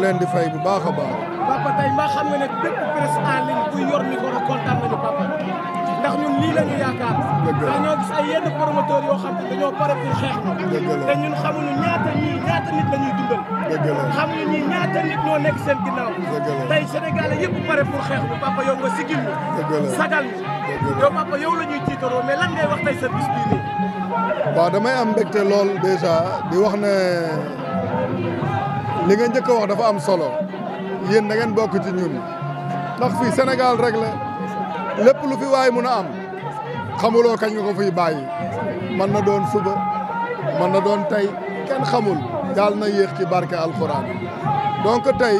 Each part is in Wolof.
ngi leen di fay bu baax a baax. papa tey maa xam nga ne bépp presse en ndax ñun lii la yaakaar. dañoo gis ay yenn promoteurs yoo xam ne dañoo pare pour xeex ko. te xamuñu ñaata nit la dundal. dëgg la ñii ñaata nit ñoo nekk seen ginnaaw. tey Sénégal yëpp pare pour xeex ko papa yow nga sigil ñu. sagal yow papa yow la ñuy tiitaroo wax tey sa bis nii. waaw damay am mbégte lool déjà di wax ne. li nga njëkk a wax dafa am solo yéen da ngeen bokk ci ñun ndax fii Sénégal rek la lépp lu fi waay mun na am xamuloo kañ nga ko fi bàyyi man na doon suba man na doon tey kenn xamul daal na yéex ci barke alxuraan donc tey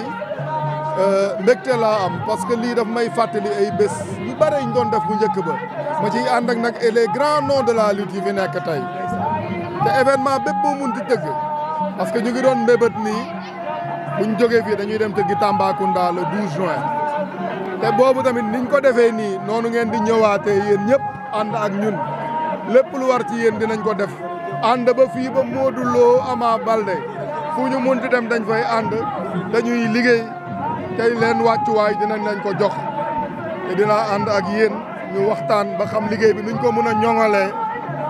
euh, mbégte laa am parce que lii daf may fàttali ay bés yu bare ñu doon def bu njëkk ba ma ciy ànd ak nag et les grands noms de la lutte yi fi nekk tey te événement bépp boo mun di dëgg parce que ñu ngi doon mbébét nii buñ jógee fii dañuy dem tëggi Tambacounda le 12 juin te boobu tamit niñ ko defee nii noonu ngeen di ñëwaatee yéen ñëpp ànd ak ñun lépp lu war ci yéen dinañ ko def ànd ba fii ba Modou Lo Ama fu ñu munti dem dañ fay ànd dañuy liggéey tey leen wàccuwaay dinañ lañ ko jox te dinaa ànd ak yéen ñu waxtaan ba xam liggéey bi nuñ ko mën a ñoŋalee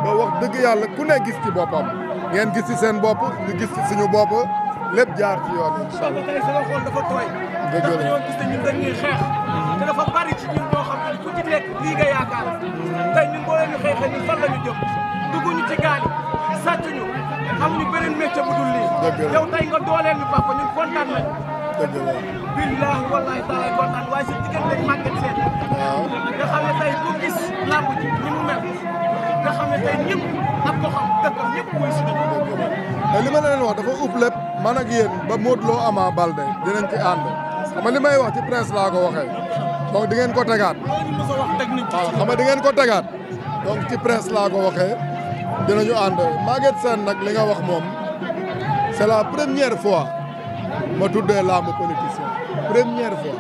ba wax dëgg yàlla ku ne gis ci boppam ngeen gis ci seen bopp ñu gis ci suñu bopp lépp jaar ci yoon yi. soxna dañuy xeex. te dafa bari ci ñun ku ci lii nga tey ñun boo fan la ñu jëm ci gaal yi sàccuñu amuñu beneen métier lii. dëgg tey nga dooleel ñu papa ñun kontaan nañ. dëgg la billaahi wallaahi waaye si diggante màgget seen. waaw nga xam tey ku gis làmb ji mu mel nga tey ñëpp ak ko ñëpp mooy si li ma leen wax dafa ëpp lépp man ak yéen ba Modou Lo Ama Balde dinañ ci ànd xam nga li may wax ci presse laa ko waxee donc di ngeen ko tegaat waaw xam nga ngeen ko tegaat donc ci presse laa ko waxee dinañu ànd Maguette Sène nag li nga wax moom c'est la première fois ma tuddee laamu politicien première fois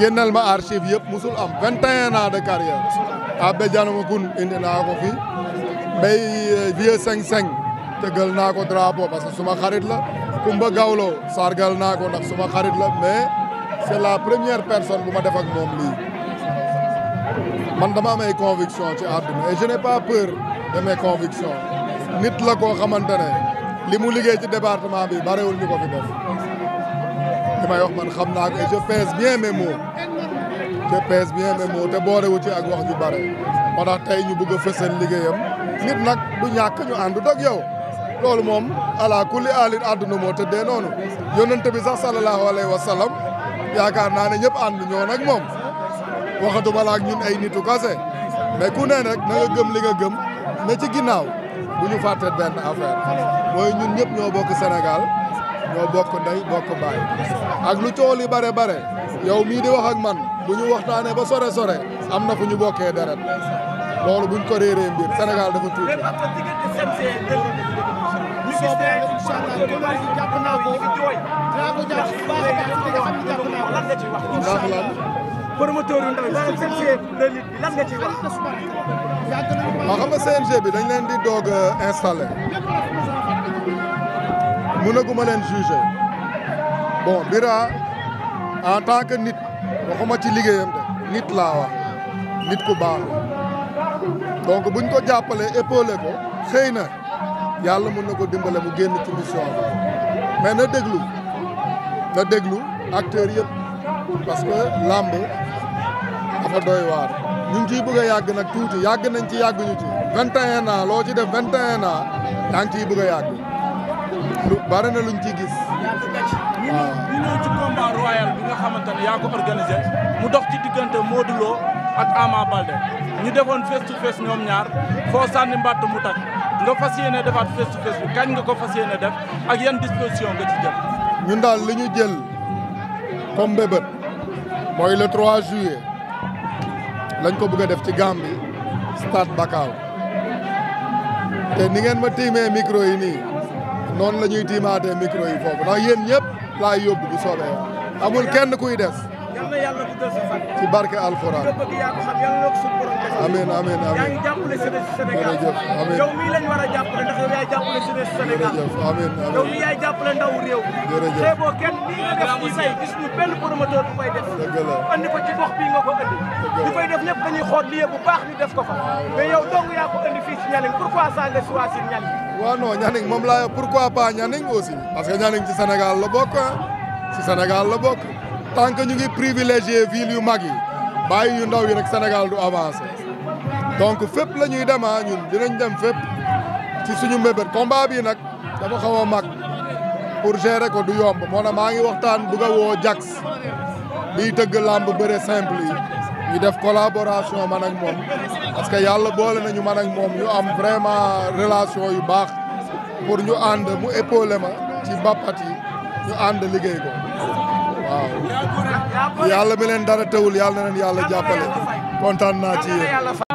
génnal ma archive yëpp musul am 21 ans de carrière abbé Diagne Magoune indi naa ko fi mbay euh, vieux seng seng tëggal naa ko drapeau parce que suma xarit la Kumba Gawlo sargal naa ko ndax suma xarit la mais c'est la première personne bu ma def ak moom lii man dama am ay conviction ci àdduna et je n'ai pas peur de mes convictions nit la ko xamante ne li mu liggéey ci département bi barewul ñu ko fi def ma may wax man xam naa ko et je pèse bien mes mots je pèse bien mes mots te boorewu ci ak wax ju bare moo tax tey ñu bëgg a liggéeyam nit nag du ñàkk ñu ànd dog yow loolu moom ala kulli aalin àdduna moo tëddee noonu yonent bi sax sallallahu alayhi wa sallam yaakaar naa ne ñëpp ànd ñoo nag moom waxatu la ak ñun ay nitu kase mais ku ne rek na nga gëm li nga gëm ne ci ginnaaw bu ñu fàtte benn affaire mooy ñun ñëpp ñoo bokk Sénégal ñoo bokk ndey bokk baay ak lu cool yi bare bare yow mii di wax ak man bu ñu waxtaanee ba sore sore am na fu ñu bokkee deret loolu buñ ko réeree mbir Sénégal dafa tuuti. promoteur yu ndaw yi CNG bi lan nga ciy wax. waaw xam bi dañ leen di doog installé mënaguma leen jugé bon Bira en tant que nit waxuma ci liggéeyam de nit laa nit ku baax bu buñ ko jàppalee épaulé ko xëy na yàlla mën na ko dimbale mu génn ci mission bi mais na déglu na déglu acteurs yëpp parce que làmb dafa doy waar. ñu ngi ciy a yàgg nag tuuti yàgg nañ ci yàgg ñu ci. 21 ans loo ci def 21 naa yaa ngi ciy bëgg a yàgg lu bari na luñ gis. ñu ci combat xamante ne yaa ko organisé mu dox ci diggante Modou Lo ak Ama Balde ñu defoon face to ñoom ñaar foo sànni mbàtt mu tag nga fas yéene defaat face to kañ nga ko fas def ak yan disposition nga ci jël. ñun daal li ñu jël comme bébét le 3 juillet lañ ko bëgg a def ci Gambie stade Bakaaw te ni ngeen ma tiimee micro yi nii noonu la ñuy tiimaatee micro yi foofu ndax yéen ñëpp laay yóbbu bu soobee amul kenn kuy des. yal na yàlla guddal sa fan. ci barke alxuraan. nga bëgg yaa ko xam yal na ko suñu borom def. amiin amiin amiin yaa ngi jàppale jeunesse Sénégal. amiin yow mii lañ war a jàppale ndax yow yaay jàppale jeunesse Sénégal. amiin amiin yow mii yaay jàppale ndaw réew. jërëjëf xeeboo kenn nii nga def ci say gis ñu benn promoteur bu koy def. dëgg la andi ko ci gox bii nga ko andi. ñu koy def ñëpp dañuy xool lii bu baax ñu def ko fa. mais yow dong yaa ko andi fii ci Nianing pourquoi ça nga choisir Nianing. waaw non Nianing moom laa pourquoi pas Nianing aussi parce que Nianing ci Sénégal la bokk si Sénégal la bokk tant que ñu ngi privilégié ville yu mag yi bàyyi yu ndaw yi rek Sénégal du avancé donc fépp la ñuy dem ah, ñun dinañ dem fépp ci suñu mbébét combat bi nag dafa xaw a mag pour gérer ko du yomb moo na maa ngi waxtaan bëgg a woo Jax biy tëgg làmb bëre simple yi ñu def collaboration ma ak moom parce que yàlla boole nañu man ak moom ñu am vraiment relation yu baax pour ñu ànd mu épaulé ma ci mbappat yi ñu ànd liggéey ko waaw yàlla mi leen dara teewul yàlla na leen yàlla jàppale kontaan naa ci